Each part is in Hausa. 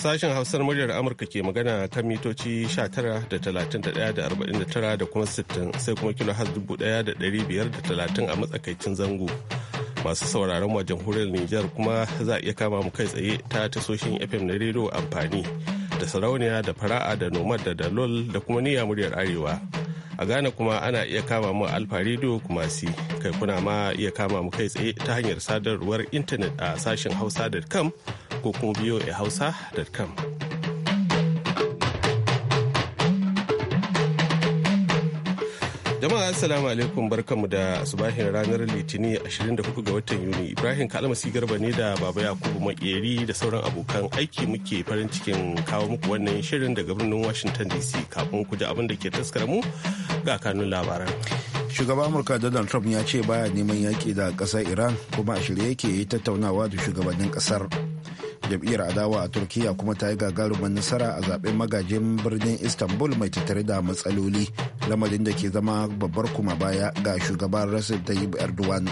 Sashen Hausar muryar Amurka ke magana kan mitoci 19 da da kuma 60 sai kuma kilo har 1530 a matsakaicin zango. Masu sauraron wajen jamhuriyar Nijar kuma za a iya kama mu kai tsaye ta tasoshin FM na rediyo amfani da sarauniya da fara'a da nomad da dalol da kuma niyya muryar arewa. A Ghana kuma ana iya kama mu alfa rediyo kuma si kai kuna ma iya kama mu kai tsaye ta hanyar sadarwar intanet a sashen hausa.com ko kuma voa hausa.com jama'a assalamu alaikum barkanmu da subahin ranar litinin 24 ga watan yuni ibrahim kalmasi garba ne da baba yakubu makeri da sauran abokan aiki muke farin cikin kawo muku wannan shirin daga birnin washington dc kafin ku ji abin da ke taskara mu ga kanun labaran shugaban amurka donald trump ya ce baya neman yaƙi da ƙasar iran kuma a shirye yake yi tattaunawa da shugabannin ƙasar jam'iyyar adawa a turkiya kuma ta yi gagarumin nasara a zaben magajin birnin istanbul mai tattare da matsaloli lamarin da ke zama babbar kuma baya ga shugaban rasul tayyip erdogan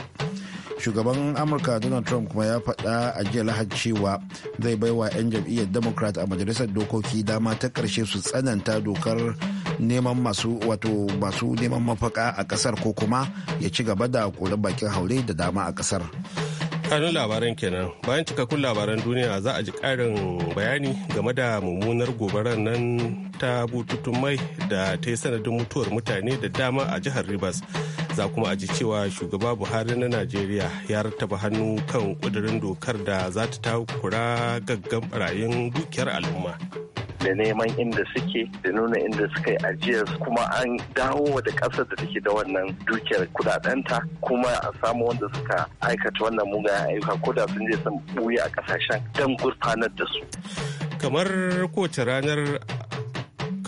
shugaban amurka donald trump kuma ya faɗa a jiya lahad cewa zai bai wa 'yan jam'iyyar democrat a majalisar dokoki dama ta ƙarshe su tsananta dokar neman masu wato masu neman mafaka a ƙasar ko kuma ya ci gaba da koren bakin haure da dama a ƙasar. kanun labaran kenan bayan cikakkun labaran duniya za a ji karin bayani game da mummunar gobarar nan ta bututun mai da ta yi sanadin mutuwar mutane da dama a jihar rivers za kuma a ji cewa shugaba buhari na najeriya ya rattaba hannu kan kudirin dokar da za ta takura gaggan barayin dukiyar al'umma da neman inda suke da nuna inda suka yi ajiyar kuma an dawo da ƙasar da take da wannan dukiyar kudadenta kuma a samu wanda suka aikata wannan mugayen ayyuka ko da sun je sun buya a ƙasashen don gurfanar da su kamar kowace ranar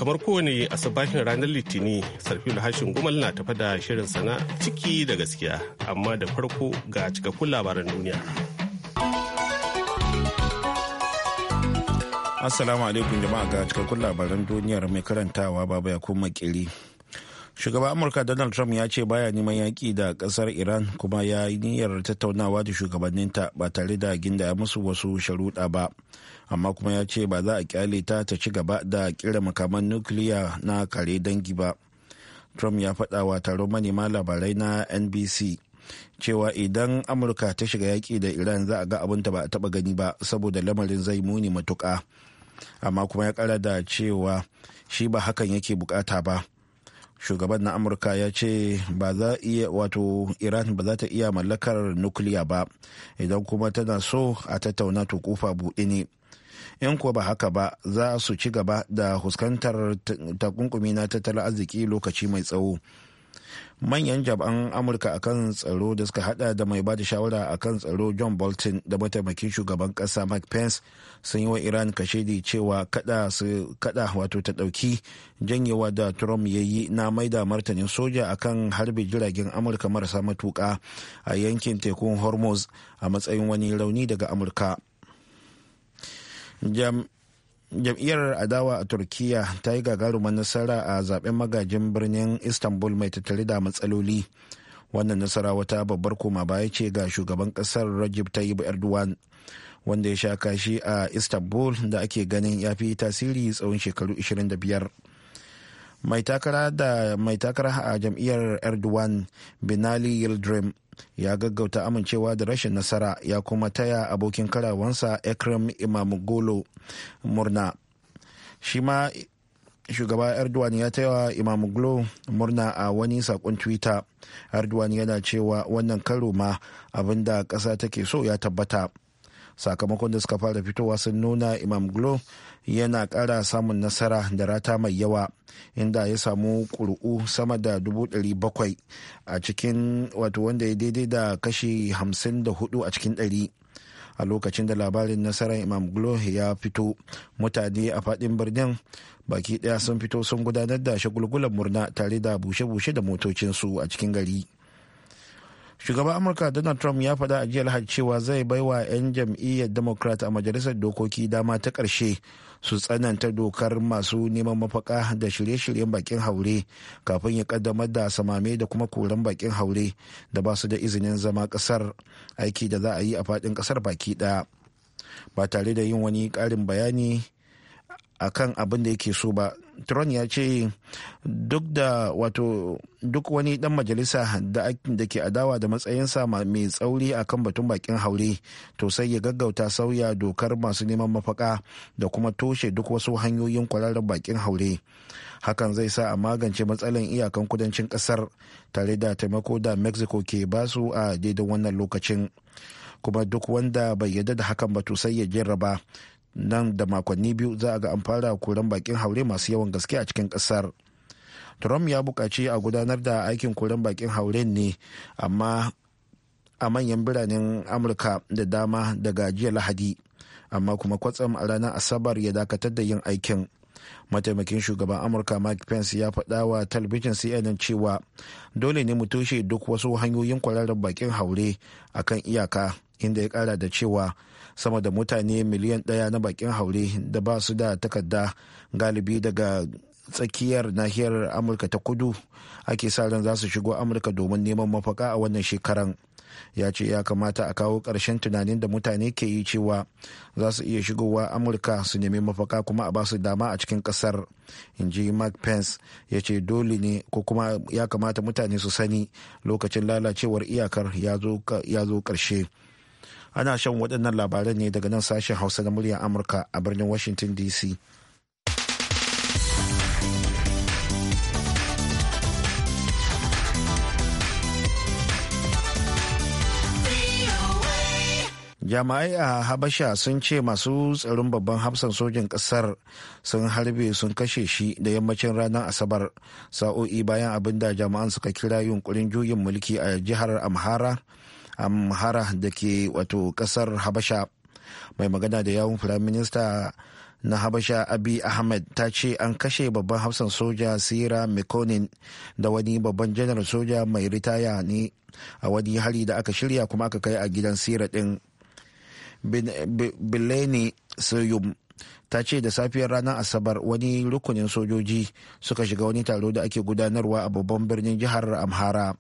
kamar kowane asabahin ranar litini sarfil hashin gumal na tafa da shirin sana ciki da gaskiya amma da farko ga cikakkun labaran duniya assalamu alaikum jama'a ga cikakkun labaran duniyar mai karantawa baba ya kuma kiri shugaban amurka donald trump ya ce baya neman yaƙi da ƙasar iran kuma ya yi niyyar tattaunawa da shugabanninta ba tare da ginda musu wasu sharuɗa ba amma kuma ya ce ba za a kyale ta ta ci gaba da kira makaman nukiliya na kare dangi ba trump ya faɗa wa taron manema labarai na nbc cewa idan amurka ta shiga yaƙi da iran za a ga abinta ba a taɓa gani ba saboda lamarin zai muni matuƙa amma kuma ya ƙara da cewa shi ba hakan yake bukata ba shugaban na amurka ya ce ba za iya wato iran ba za ta iya mallakar nukiliya ba idan kuma tana so a tattauna to kofa buɗe ne in kuwa ba haka ba za su ci gaba da huskantar takunkumi na tattalin arziki lokaci mai tsawo manyan jab'an amurka akan tsaro da suka hada da mai bada shawara akan tsaro john bolton da mataimakin shugaban kasa mike pence sun yi wa iran kashedi cewa kada wato ta dauki janyewa da trump ya yi na mai da martanin soja akan harbe jiragen amurka marasa matuka a yankin tekun hormuz a matsayin wani rauni daga amurka jam'iyyar adawa a turkiya ta yi gagarumar nasara a zaben magajin birnin istanbul mai tattali da matsaloli wannan nasara wata babbar koma baya ce ga shugaban kasar rajib tayyip erdogan wanda ya sha kashi a istanbul da ake ganin ya fi tasiri tsawon shekaru 25 mai takara a jam'iyyar erdogan binali yildirim ya gaggauta amincewa da rashin nasara ya kuma taya abokin karawansa ekrem imamogolo murna shi ma shugaba erdogan ya taya imamogolo murna a wani sakon twitter erdogan yana cewa wannan karo ma abinda ƙasa take so ya tabbata sakamakon da suka fara fitowa sun nuna imam glo yana kara samun nasara da rata mai yawa inda ya samu ƙuri'u sama da 700 a cikin wato wanda ya daidai da kashi 54 a cikin 100 a lokacin da labarin nasarar imam glo ya fito mutane a fadin birnin baki daya sun fito sun gudanar da shagulgulan murna tare da bushe-bushe da motocinsu a cikin gari shugaban amurka donald trump ya faɗa a jiya lahadi cewa zai baiwa 'yan jam'iyyar democrat a majalisar dokoki dama ta ƙarshe su tsananta dokar masu neman mafaka da shirye-shiryen bakin haure kafin ya kaddamar da samame da kuma koran bakin haure da ba su da izinin zama ƙasar aiki da za a yi a faɗin ƙasar baki ɗaya ba tare da yin wani ƙarin bayani akan abin da yake so ba tron ya ce duk da wato duk wani dan majalisa da ke adawa da matsayinsa mai tsauri akan batun bakin haure to sai ya gaggauta sauya dokar masu neman mafaka da kuma toshe duk wasu hanyoyin kwararren bakin haure hakan zai sa a magance matsalan iyakan kudancin kasar tare da taimako da mexico ke basu a daidai wannan lokacin kuma duk wanda bai yarda da hakan ba to sai ya ba. nan da makonni biyu za a ga an fara koran bakin haure masu yawan gaske a cikin kasar trump ya buƙaci a gudanar da aikin koran bakin haure ne amma a manyan biranen amurka da dama daga jiya lahadi amma kuma kwatsam a ranar asabar ya dakatar da yin aikin mataimakin shugaban amurka mike pence ya faɗa wa talabijin cnn cewa dole ne mu toshe duk wasu hanyoyin kwararren bakin haure akan iyaka inda ya kara da cewa sama da mutane miliyan ɗaya na bakin haure da ba su da takarda galibi daga tsakiyar nahiyar amurka ta kudu ake sa ran za su shigo amurka domin neman mafaka a wannan shekaran ya ce ya kamata a kawo karshen tunanin da mutane ke yi cewa za su iya shigowa amurka su nemi mafaka kuma a ba su dama a cikin ƙasar in ji mark pence ya ce dole ne ko kuma ya kamata mutane su sani lokacin lalacewar iyakar ya zo ƙarshe ana shan waɗannan labaran ne daga nan sashen hausa na muryar amurka a birnin washington dc jama'ai a habasha sun ce masu tsaron babban hafsan sojin ƙasar sun harbe sun kashe shi da yammacin ranar asabar sa'o'i bayan abinda da jama'an suka kira yunkurin juyin mulki a jihar amhara amhara da ke wato kasar habasha mai magana da yawun firayim na habasha abi ahmed ta ce an kashe babban hafsan soja sira mekonin da wani babban janar soja mai ritaya ne a wani hari da aka shirya kuma aka kai a gidan sira din bileni soyum ta ce da safiyar ranar asabar wani rukunin sojoji suka shiga wani taro da ake gudanarwa a babban birnin jihar amhara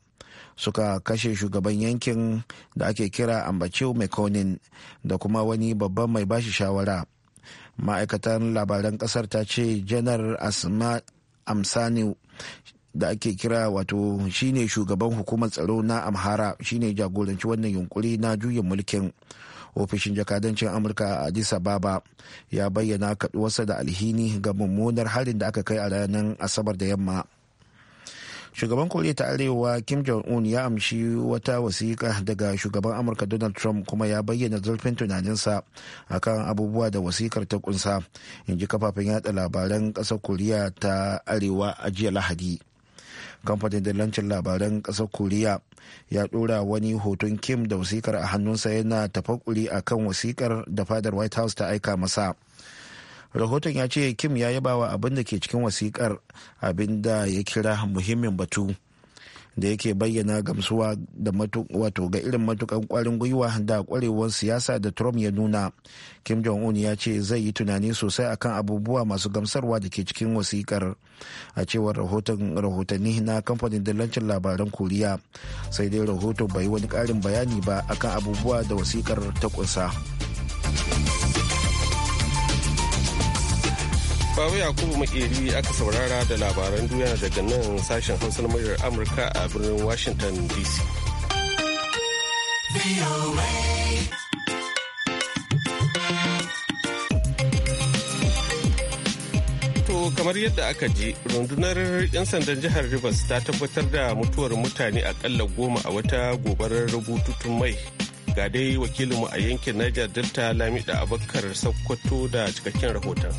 suka kashe shugaban yankin da ake kira ambaciu mekonin da kuma wani babban mai bashi shawara ma'aikatan labaran kasar ta ce janar asma amsani da ake kira wato shine shugaban hukumar tsaro na amhara shine jagoranci wannan yunkuri na juyin mulkin ofishin jakadancin amurka a addis ababa ya bayyana kaduwarsa da alhini ga mummunar harin da aka kai a ranar asabar da yamma shugaban koriya ta arewa kim jong-un ya amshi wata wasiƙa daga shugaban amurka donald trump kuma ya bayyana zurfin tunaninsa akan abubuwa da wasiƙar ta kunsa in ji kafafen yada labaran ƙasar koriya ta arewa a jiya lahadi kamfanin dalancin labaran ƙasar koriya ya ɗora wani hoton kim da wasikar a hannunsa yana tafakuri akan wasiƙar da fadar white house ta aika masa rahoton ya ce kim ya yaba wa abin da ke cikin wasikar abin da ya kira muhimmin batu da yake bayyana gamsuwa da wato ga irin matukan kwarin gwiwa da kwarewar siyasa da trump ya nuna kim jong-un ya ce zai yi tunani sosai akan abubuwa masu gamsarwa da ke cikin wasikar a cewar rahotanni na kamfanin dalancin labaran koriya sai dai rahoton bai wani ƙarin bayani ba akan abubuwa da wasikar ta kunsa. Babu Yakubu Makeri aka saurara da labaran duniya daga nan sashen Hausa na muryar Amurka a birnin Washington DC. to kamar yadda aka ji rundunar 'yan sandan jihar rivers ta tabbatar da mutuwar mutane akalla goma a wata gobarar rubututun mai ga dai wakilinmu a yankin niger delta lamida abakar sakkwato da cikakken rahoton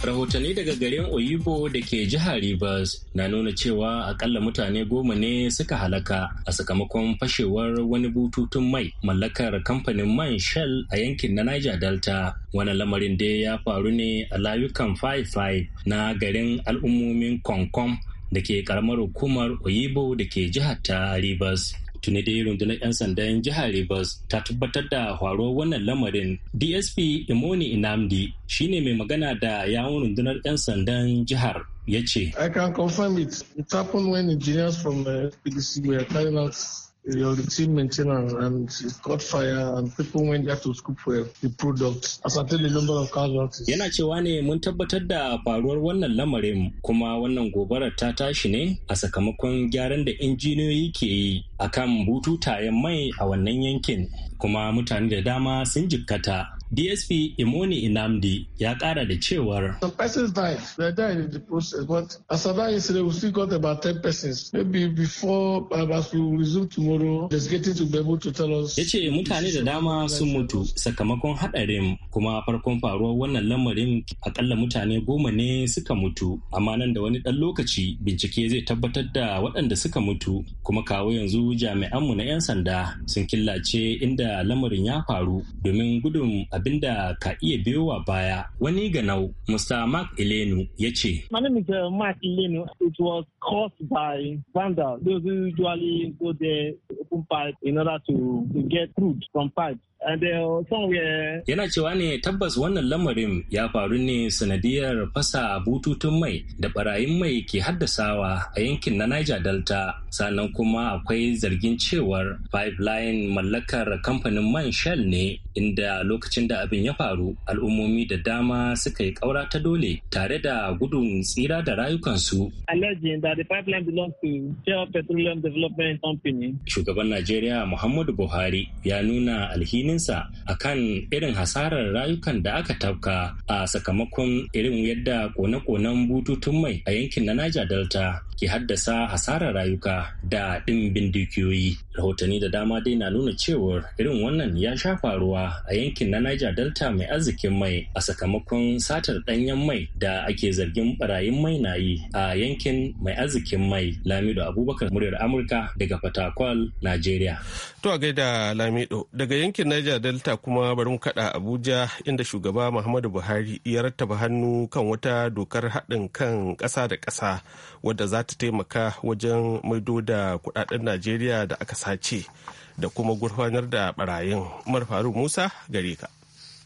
Rahotanni daga garin Oyibo da ke jihar Rivers na nuna cewa akalla mutane goma ne suka halaka a sakamakon fashewar wani bututun mai mallakar kamfanin man Shell a yankin na Niger Delta. Wani lamarin dai ya faru ne a layukan 5-5 na garin al'ummomin Konkom da ke karamar hukumar Oyibo da ke jihar ta Rivers. tuni dai rundunar 'yan sandan jihar rivers ta tabbatar da faruwar wannan lamarin dsp imoni inamdi shine mai magana da yawon rundunar 'yan sandan jihar ya ce i can confirm it it happened when engineers from the uh, pdc were carrying out your routine maintenance and it caught fire and people went there to scoop for the product as the number of casualties. Yana cewa ne mun tabbatar da faruwar wannan lamarin kuma wannan gobarar ta tashi ne a sakamakon gyaran da injiniyoyi ke yi akan bututayen mai a wannan yankin kuma mutane da dama sun jikkata. DSP Imoni Inamdi ya kara da cewar. Some persons died. They died in the process, but as of yesterday, we still got about 10 persons. Maybe before um, as we resume tomorrow, there's getting to be able to tell us. Ya ce mutane da dama sun mutu sakamakon haɗarin kuma farkon faruwar wannan lamarin akalla mutane goma ne suka mutu. Amma nan da wani ɗan lokaci bincike zai tabbatar da waɗanda suka mutu kuma kawo yanzu jami'anmu na 'yan sanda sun killace inda lamarin ya faru domin gudun ka iya baya wani ganau Mark Elenu ya ce. My name is uh, Mark Elenu. It was caused by vandals. Those who usually go there open pipe in order to, to get crude from pipes. Uh, Yana cewa ne tabbas wannan lamarin ya faru ne sanadiyar fasa bututun mai da barayin mai ke haddasawa a yankin na Niger Delta. Sannan kuma akwai zargin cewar pipeline mallakar kamfanin man Shell ne inda lokacin da abin ya faru al'ummomi da dama suka yi ƙaura ta dole tare da gudun tsira da rayukansu. Shugaban Najeriya Muhammadu Buhari ya nuna alhini alhakininsa akan irin hasarar rayukan da aka tafka a sakamakon irin yadda kone-konen bututun mai a yankin na Niger Delta ke haddasa hasarar rayuka da ɗimbin dukiyoyi. Rahotanni da dama dai na nuna cewar irin wannan ya sha faruwa a yankin na Niger Delta mai arzikin mai a sakamakon satar ɗanyen mai da ake zargin barayin mai na yi a yankin mai arzikin mai. Lamido Abubakar muryar Amurka daga Fatakwal, Najeriya. To a gaida Lamido daga yankin Niger Delta kuma bari mu kaɗa Abuja inda shugaba Muhammadu Buhari ya rattaba hannu kan wata dokar haɗin kan ƙasa da ƙasa wadda za ta taimaka wajen maido da kudaden najeriya da aka sace da kuma gurfanar da barayin umar faruk musa gare ka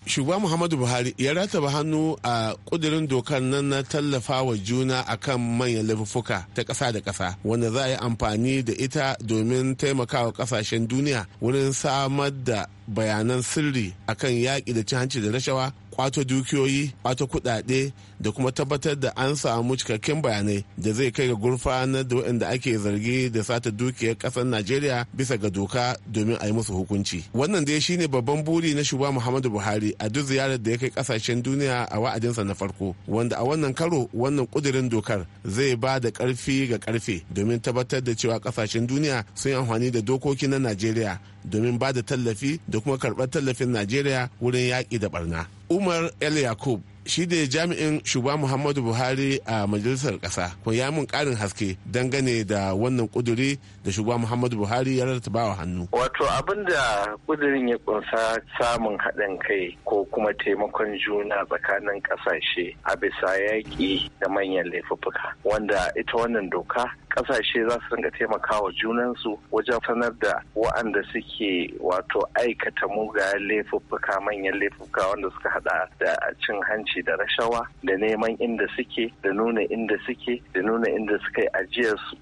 shugaba muhammadu buhari ya ba hannu a kudirin dokar nan na tallafa wa juna akan manyan laifuffuka ta ƙasa da ƙasa wanda za a yi amfani da ita domin taimakawa ƙasashen duniya wurin samar da bayanan sirri akan yaƙi da cin hanci da rashawa kwato dukiyoyi kwato kudade da kuma tabbatar da an samu cikakken bayanai da zai kai ga gurfanar da waɗanda ake zargi da sata dukiyar ƙasar najeriya bisa ga doka domin a yi musu hukunci wannan dai shine babban buri na shugaba muhammadu buhari a duk ziyarar da ya kai ƙasashen duniya a wa'adinsa na farko wanda a wannan karo wannan kudirin dokar zai ba da ƙarfi ga ƙarfe domin tabbatar da cewa ƙasashen duniya sun yi amfani da dokoki na najeriya domin ba da tallafi da kuma karɓar tallafin najeriya wurin yaƙi da barna Umar El Yakub shi da jami'in shuba muhammadu buhari a majalisar ƙasa ko ya mun ƙarin haske dangane da wannan kuduri da shuba muhammadu buhari ya ba wa hannu wato abin da ƙudurin ya kunsa samun haɗin kai ko kuma taimakon juna tsakanin ƙasashe a bisa yaƙi da manyan laifuffuka wanda ita wannan doka ƙasashe za su ringa taimakawa junansu wajen sanar da wa'anda suke wato aikata mugayen laifuka manyan laifuka wanda suka hada da cin hanci da rashawa da neman inda suke da nuna inda suke da nuna inda suka yi ajiyar su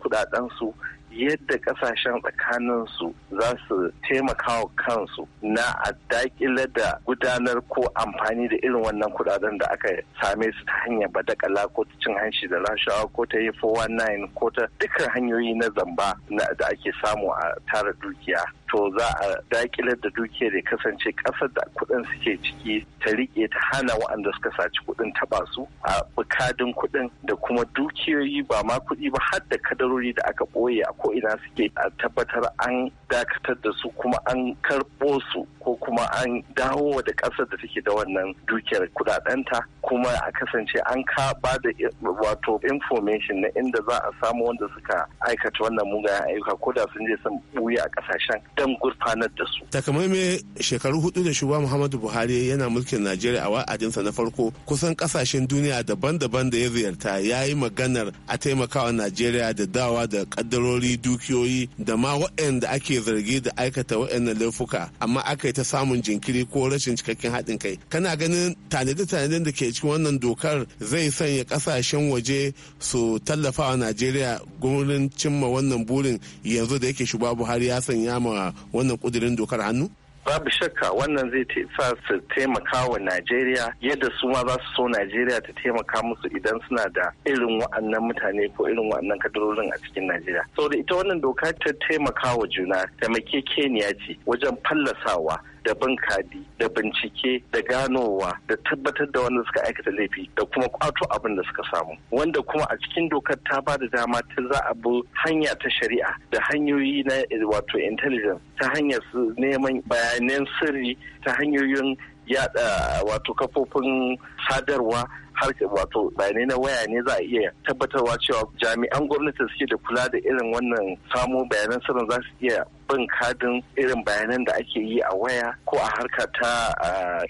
su yadda kasashen tsakanin su za su taimaka wa kansu na a dakile da gudanar ko amfani da irin wannan kudaden da aka same su ta hanyar badakala ko ta cin hanci da rashawa ko ta yi 419 ko ta dukkan hanyoyi na zamba da ake samu a tara dukiya to za a dakilar da dukiyar ya kasance kasar da kuɗin suke ciki ta riƙe ta hana waɗanda suka saci kuɗin taɓa su a bukadin kuɗin da kuma dukiyoyi ba ma kuɗi ba har da kadarori da aka ɓoye a ko ina suke a tabbatar an dakatar da su kuma an karɓo su ko kuma an dawo da ƙasar da take da wannan dukiyar kuɗaɗenta kuma a kasance an ka ba da wato information na inda za a samu wanda suka aikata wannan mugayen ayyuka ko da sun je sun ɓuya a ƙasashen dan gurfanar da su. Takamaime shekaru hudu da shugaba Muhammadu Buhari yana mulkin Najeriya a wa'adinsa na farko kusan kasashen duniya daban-daban da ya ziyarta ya yi maganar a taimakawa Najeriya da dawa da kaddarori dukiyoyi da ma waɗanda ake zargi da aikata waɗannan laifuka amma aka yi ta samun jinkiri ko rashin cikakken haɗin kai. Kana ganin tanade-tanaden da ke cikin wannan dokar zai sanya kasashen waje su tallafa wa Najeriya gurin cimma wannan burin yanzu da yake shugaba Buhari ya sanya ma wannan kudirin dokar hannu? babu shakka wannan zai sa su taimaka wa Najeriya yadda su ma za su so Najeriya ta taimaka musu idan suna da irin wa'annan mutane ko irin wa'annan kadarorin a cikin Najeriya. Saboda ita wannan doka ta taimaka wa juna taimakekeniya ce wajen fallasawa da bin kadi da bincike da ganowa da tabbatar da wanda suka aikata laifi da kuma kwato abin da suka samu wanda kuma a cikin dokar ta ba da dama ta za a bi hanya ta shari'a da hanyoyi na wato intelligence ta hanyar neman bayanan sirri ta hanyoyin yada wato kafofin sadarwa har wato bayanai na waya ne za a iya tabbatarwa cewa jami'an gwamnati suke da kula da irin wannan samo bayanan sirrin za su iya bin kadin irin bayanan da ake yi a waya ko a harka ta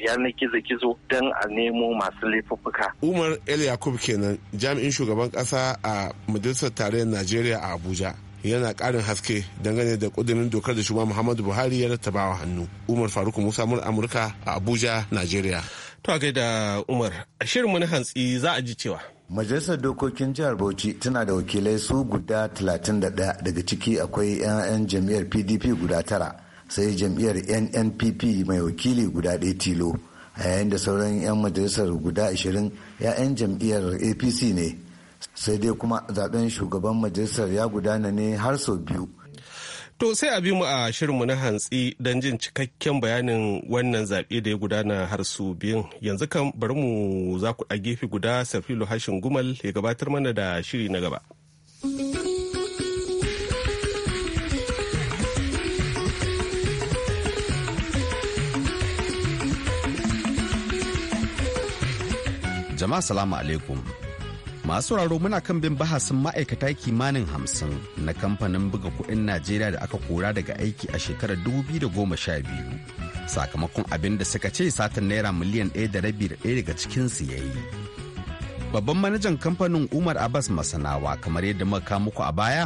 yanar gizo-gizo don a nemo masu laifuffuka. Umar El Yakub kenan jami'in shugaban kasa a majalisar tarayyar Najeriya a Abuja. yana ƙarin haske dangane da ƙudurin dokar da shugaban muhammadu buhari ya rattabawa hannu umar faruk musa mur amurka a abuja najeriya to a gaida umar a shirinmu na hantsi za a ji cewa Majalisar Dokokin Jihar Bauchi tana da wakilai su guda 31 daga ciki akwai 'yan jam'iyyar PDP guda tara sai jam'iyyar NNPP mai wakili guda ɗaya tilo a yayin da sauran 'yan majalisar guda 20 'ya'yan jam'iyyar APC ne sai dai kuma zaben shugaban majalisar ya gudana ne har sau biyu to sai a bi mu a shirinmu na hantsi don jin cikakken bayanin wannan zaɓe da ya gudana har su biyun yanzu kan bari mu za ku a gefe guda safilu hashin gumal ya gabatar mana da shiri na gaba jama'a salamu alaikum masu sauraro muna kan bin bahasin ma'aikata kimanin hamsin na kamfanin buga kuɗin najeriya da aka kora daga aiki a shekarar 2012 sakamakon abin da suka ce satin naira miliyan ɗaya da rabi da ɗaya daga cikinsu ya yi babban manajan kamfanin umar abbas masanawa kamar yadda muka muku a baya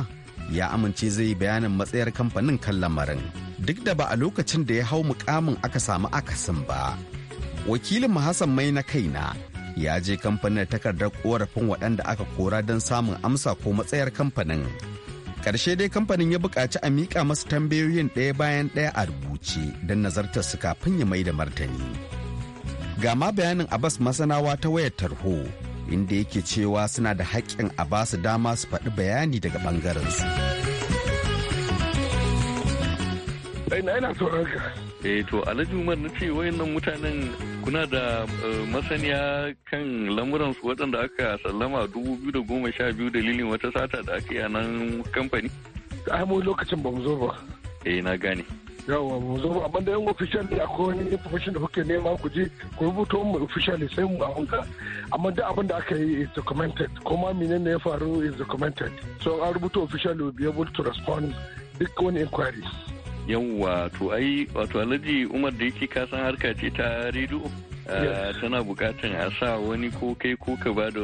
ya amince zai yi bayanin matsayar kamfanin kan lamarin duk da ba a lokacin da ya hau mukamin aka samu akasin ba wakilin Hassan mai na kaina ya je kamfanin takardar korafin waɗanda aka kora don samun amsa ko matsayar kamfanin ƙarshe dai kamfanin ya buƙaci a miƙa masu tambayoyin ɗaya bayan ɗaya a rubuce don nazartar su kafin ya mai da martani ga ma bayanin abbas masanawa ta wayar tarho inda yake cewa suna da haƙƙin a ba su dama su faɗi bayani daga ɓangaren su. eh to alhaji umar na ce wayannan mutanen kuna da eh, masaniya kan lamuransu waɗanda aka sallama dubu biyu da goma sha biyu dalilin wata sata da aka yi a nan kamfani ai mu lokacin ba mu zo ba eh na gane yawa mu zo amma da yan official ne akwai wani information da kuke nema ku je ku rubuta mu official sai mu a wanka amma duk abin da aka yi is documented kuma menene ya faru is documented so an rubuta official will be able to respond duk wani inquiries yawwa to ai wato alhaji umar da yake kasan harka ce ta rediyo eh, tana bukatan a sa wani ko kai ko ka ba da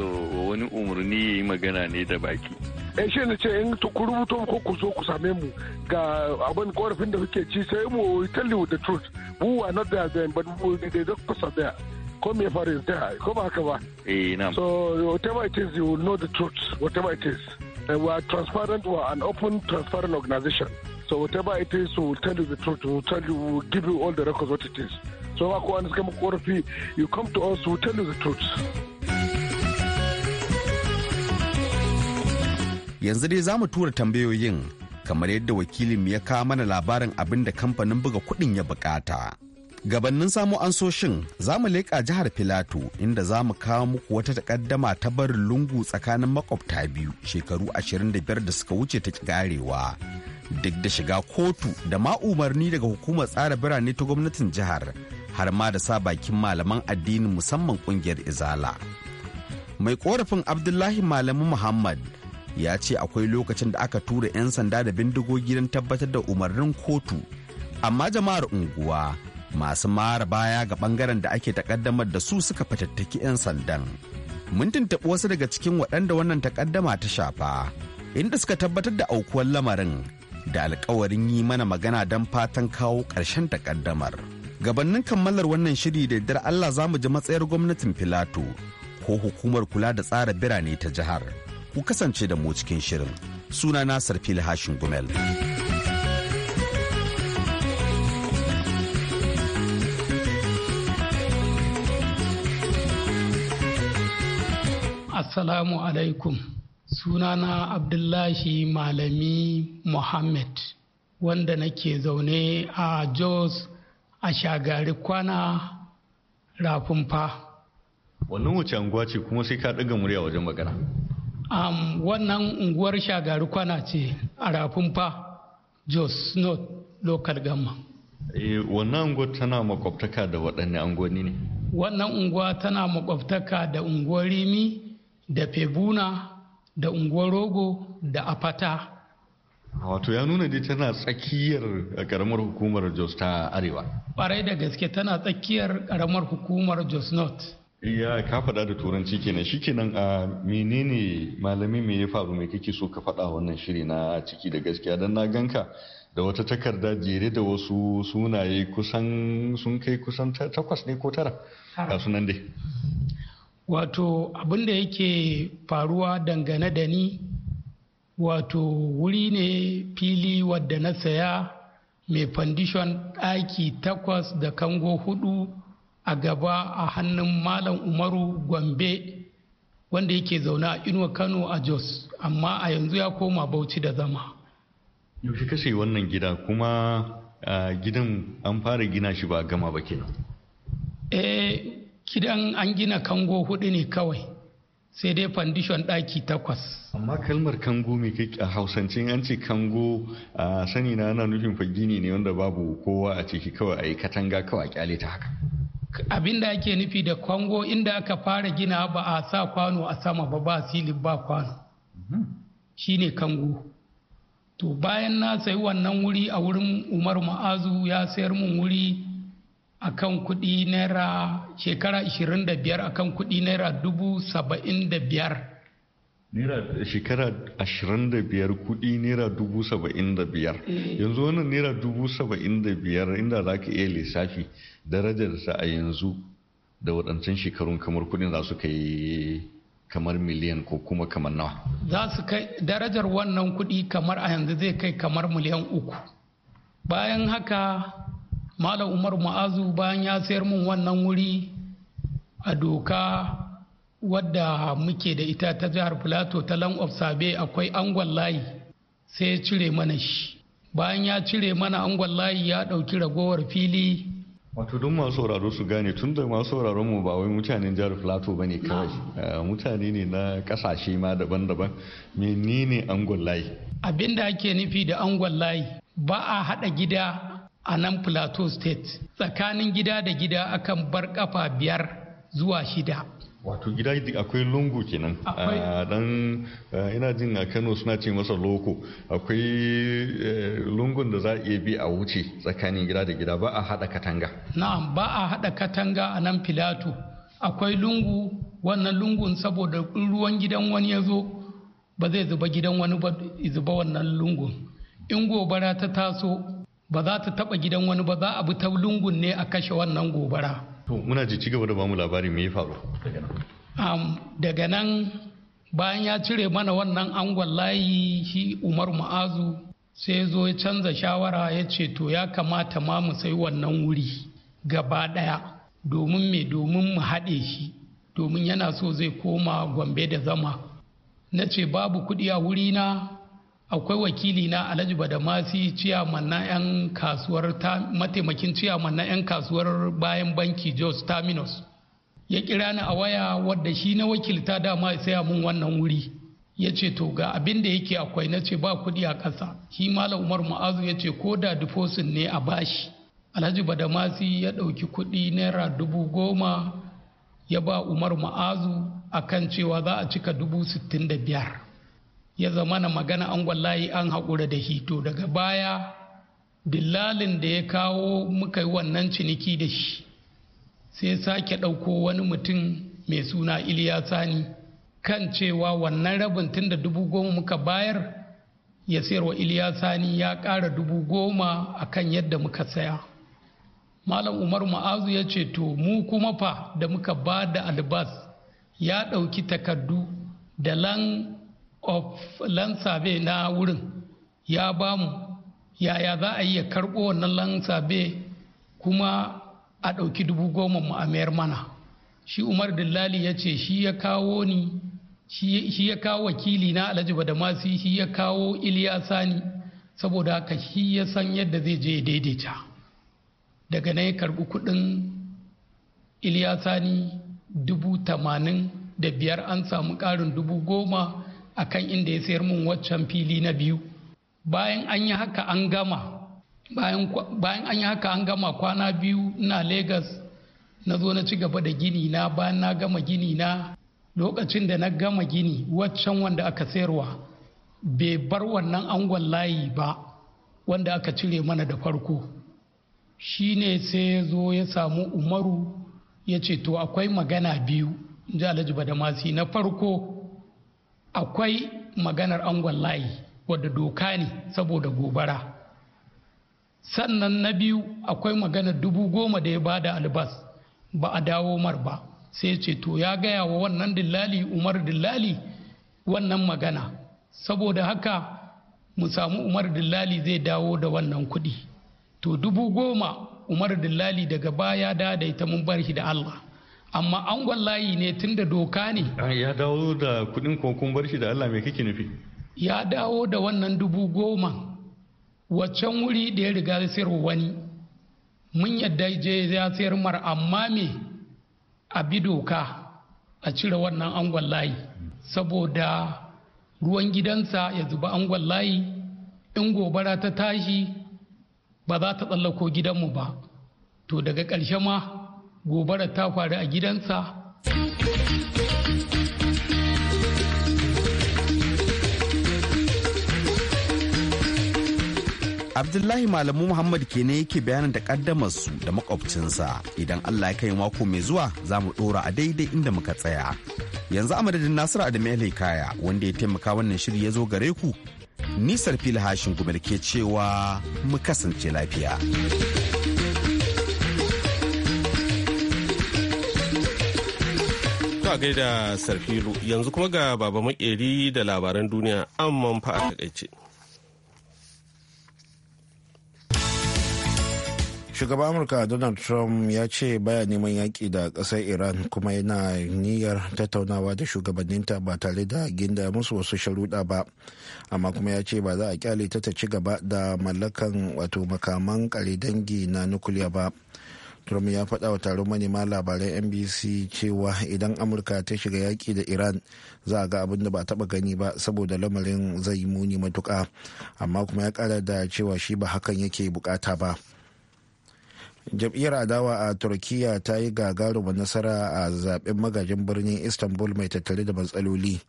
wani umarni ya yi magana ne da baki ai eh, shi ne ce in ku rubuto ko ku zo ku same mu ga abin korafin da kuke ci sai mu tell you the truth we are not there then but we they don't pass there ko me faru ta ko ba ka ba eh na so whatever it is you will know the truth whatever it is eh, we are transparent we are an open transparent organization So whatever it is, we will tell you the truth. We'll tell you, we'll give you all the records what it is. So Makowan you come to us, we tell you the truth. Yanzu dai za mu tura tambayoyin kamar yadda wakilinmu ya kawo mana labarin abin da kamfanin buga kudin ya bukata. gabannin samu ansoshin za mu leƙa jihar filato inda za mu kawo muku wata takaddama ta barin lungu tsakanin makwabta biyu shekaru 25 da suka wuce ta ƙarewa duk da shiga kotu da ma umarni daga hukumar tsara birane ta gwamnatin jihar har ma da sa bakin malaman addinin musamman kungiyar izala mai korafin abdullahi malamu muhammad ya ce akwai lokacin da aka tura 'yan sanda da bindigogi don tabbatar da umarnin kotu amma jama'ar unguwa masu mara baya ga bangaren da ake takaddamar da su suka fatattaki 'yan sandan mun tuntaɓi wasu daga cikin waɗanda wannan takaddama ta shafa inda suka tabbatar da aukuwar lamarin da alkawarin yi mana magana don fatan kawo ƙarshen takaddamar. Gabannin kammalar wannan shiri da yardar Allah za mu ji matsayar gwamnatin Filato ko hukumar kula da tsara birane ta jihar. Ku kasance da mu cikin shirin. suna Sarfil Hashin Gumel. Assalamu alaikum. sunana abdullahi malami muhammad wanda nake zaune a jos a shagari kwana rafin fa wannan wace anguwa ce kuma sai ka ɗaga murya wajen magana um, wannan unguwar shagari kwana ce a rafin fa jos north local gamma e, eh, wannan unguwar tana makwabtaka da waɗanne unguwanni ne wannan unguwa tana makwabtaka da unguwar rimi da febuna da unguwar rogo da afata wato ya nuna dai tana tsakiyar karamar hukumar jos ta arewa ɓarai da gaske tana tsakiyar karamar hukumar jos north ya ka faɗa da turanci kenan shi kenan a menene malami me ya faru mai kake so ka faɗa wannan shiri na ciki da gaskiya don na ganka da wata takarda jere da wasu sunaye kusan sun kai kusan takwas ne ko tara ga sunan dai wato abin da yake faruwa dangane da ni wato wuri ne fili wadda na saya mai fandishon ɗaki takwas da kango hudu a gaba a hannun malam umaru gombe wanda yake zaune a inuwa kano a jos amma a yanzu ya koma bauchi da zama yaushe kashe wannan gida kuma ah, gidan an fara gina shi ba gama ba kenan eh, gidan an gina kango hudu ne kawai sai dai fandishon ɗaki takwas. amma kalmar kango mai kai a hausance an ce kango a sani na ana nufin fagini ne wanda babu kowa a ciki kawai a yi katanga kawai kyale ta haka abin da ake nufi da kango inda aka fara gina ba a sa kwano a sama ba ba silin ba kwano shine kango to bayan na sayi wannan wuri a wurin umar ma'azu ya sayar mun wuri akan kuɗi naira shekara 25 akan kuɗi naira dubu saba'in da biyar shekara ashirin da biyar kuɗi naira dubu saba'in da biyar. Eh. Yanzu wannan naira dubu saba'in da biyar inda za ka iya lissafi darajarsa a yanzu da waɗancan shekarun kamar kuɗin za su kai kamar miliyan ko kuma kamar nawa. Za su kai darajar wannan kuɗi kamar a yanzu zai kai kamar miliyan uku. Bayan haka malam umar ma'azu bayan ya sayar mun wannan wuri a doka wadda muke da ita ta jihar filato ta land of sabe akwai angon layi sai ya cire mana shi bayan ya cire mana angon layi ya ɗauki ragowar fili wato don masu sauraro su gane tun da masu sauraron mu ba wai mutanen jihar filato ba ne kawai eh, mutane ne na kasashe ma daban-daban menene angon layi Abin da ake nufi da angon layi ba a haɗa gida a nan plateau state tsakanin gida da gida akan bar kafa biyar zuwa shida wato gida akwai lungu kenan ah, dan ah, ina jin a kano suna ce masa loko akwai eh, lungun da za a iya bi a wuce tsakanin gida da gida ba a hada katanga na'am ba a hada katanga a nan filato akwai lungu wannan lungun saboda ruwan gidan wani ya zo ba zai zuba gidan wani ba zuba wannan lungun in gobara ta taso ba za ta taba gidan wani ba za a bi ta lungun ne a kashe wannan gobara to muna ji cigaba da bamu labari me ya faru daga nan bayan ya cire mana wannan angon layi shi umar ma'azu sai zo ya canza shawara ya ce to ya kamata ma mu sai wannan wuri gaba daya domin me domin mu haɗe shi domin yana so zai koma gombe da zama na ce babu kuɗi a wurina akwai wakili na alhaji badamasi ciyaman na yan kasuwar mataimakin ciyaman na yan kasuwar bayan banki jos terminus ya kira ni a waya wadda shi na wakilta dama ya saya mun wannan wuri ya ce to ga abin da yake akwai na ce ba kudi a ƙasa shi malam umar ma'azu ya ce ko da difosin ne a bashi alhaji badamasi ya ɗauki kudi naira dubu goma ya ba umar ma'azu akan cewa za a cika dubu sittin da biyar ya zama na magana an an haƙura da hito daga baya dillalin da ya kawo muka yi wannan ciniki da shi sai sake ɗauko wani mutum mai suna iliya sani kan cewa wannan rabin tun da dubu goma muka bayar ya sayarwa iliya sani ya ƙara dubu goma a kan yadda muka saya malam umar ma'azu ya ce to mu kuma fa da muka ba da albas ya ɗauki takardu da lan of land survey na wurin ya bamu yaya za a yi ya karɓo wannan land survey kuma a ɗauki dubu goma mu a mayar mana shi umar dillali ya ce shi ya kawo ni shi ya kawo wakili na alhaji badamasi shi ya kawo iliya sani saboda haka shi ya san yadda zai je daidaita daga nan ya karɓi kudin iliya sani dubu tamanin da biyar an samu karin dubu goma akan inda ya sayar mun waccan fili na biyu bayan an yi haka an gama bayan an yi haka an gama kwana biyu na Legas na zo na ci gaba da gini na bayan na gama gini na lokacin da na gama gini waccan wanda aka sayarwa bai bar wannan angon layi ba wanda aka cire mana da farko shi ne sai ya zo ya samu umaru ya ce to akwai magana biyu ji alhaji badamasi na farko akwai maganar angon layi wadda doka ne saboda gobara sannan na biyu akwai maganar dubu goma da ya bada albas ba a dawo mar ba sai ce to ya gaya wa wannan dillali umar dillali wannan magana saboda haka mu samu umar dillali zai dawo da wannan kuɗi to dubu goma umar dillali daga baya da ita mun bar shi da allah amma angon layi ne tun da doka ne ah, ya dawo da kudin kokon shi da allah mai kake nufi ya dawo da wannan dubu goma waccan wuri da ya riga sayarwa wani mun yadda je ya sayar mar amma me a bi doka a cire wannan angon layi saboda ruwan gidansa ya zuba angon layi in gobara ta tashi ba za ta tsallako gidanmu ba to daga ƙarshe ma gobara ta faru a gidansa Abdullahi Malamu Muhammad kenan yake bayanin da su da makwabcinsa idan Allah ya kai mako mai zuwa za mu dora a daidai inda muka tsaya. Yanzu amadadin madadin Nasiru Adamu kaya wanda ya taimaka wannan shiri ya zo gare ku. Nisar fili hashin ke cewa mu kasance lafiya. a gaida Sarfilu yanzu kuma ga baba makeri da labaran duniya amman fa a takaice. Shugaban Amurka Donald Trump ya ce baya neman yaƙi da ƙasar Iran kuma yana niyyar tattaunawa da shugabanninta ba tare da ginda musu wasu sharuɗa ba. Amma kuma ya ce ba za a kyale ta ta ci gaba da mallakan wato makaman kare dangi na nukuliya ba. trump ya faɗa wa taron manema labaran nbc cewa idan amurka ta shiga yaƙi da iran za a ga abin da ba taɓa gani ba saboda lamarin zai yi muni matuƙa amma kuma ya ƙara da cewa shi ba hakan yake bukata ba jam'iyyar adawa a turkiyya ta yi gagaruma nasara a zaben magajin birnin istanbul mai tattare da matsaloli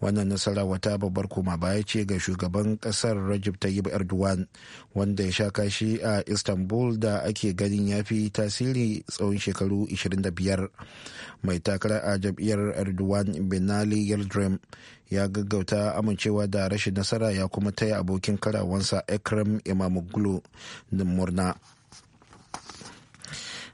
wannan nasara wata babbar koma baya ce ga shugaban kasar rajib tayyip erdogan wanda ya sha kashi a istanbul da ake ganin ya fi tasiri tsawon shekaru 25 mai takara a jam'iyyar erdogan benali yildirim ya gaggauta amincewa da rashin nasara ya kuma taya abokin karawansa ekrem imamoglu da murna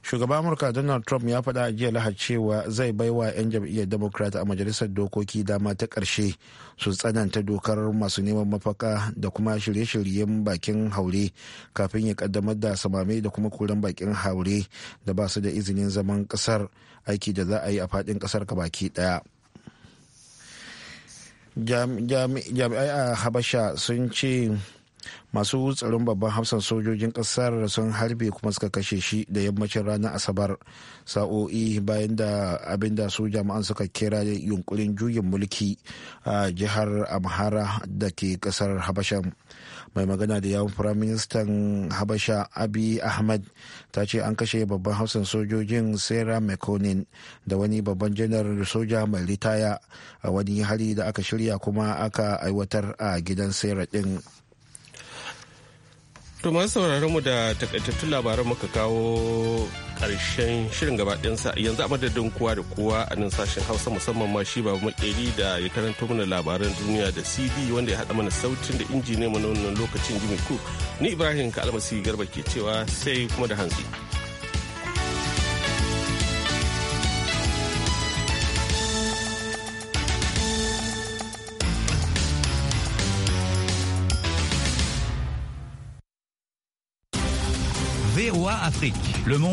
shugaban amurka donald trump ya faɗa a jiya lahar cewa zai baiwa 'yan jam'iyyar democrat a majalisar dokoki dama ta ƙarshe su tsananta dokar masu neman mafaka da kuma shirye-shiryen bakin haure kafin ya kaddamar da samame da kuma kuren bakin haure da ba su da izinin zaman ƙasar aiki da za a yi a faɗin ƙasar ka baki ɗaya jami'ai a habasha sun ce masu tsaron babban hafsan sojojin kasar sun harbe kuma suka kashe shi da yammacin ranar asabar sa'o'i bayan da abinda su jama'an suka kira yunkurin juyin mulki a jihar amhara da ke kasar habasha mai magana da yawon firaministan habasha abi ahmad ta ce an kashe babban hafsan sojojin sarah mekonin da wani babban janar soja mai ritaya a wani hari da aka shirya kuma aka aiwatar a gidan sarah din To masu sauraron mu da takaitattun labaran muka kawo karshen shirin sa yanzu a madadin kowa da kowa a nan sashen hausa musamman ma shi babu makeri da ya karanto mana labaran duniya da cd wanda ya haɗa mana sautin da injiniya mana wannan lokacin jimmy cook ni ibrahim kalmasi garba ke cewa sai kuma da hantsi. VOA Afrique. Le monde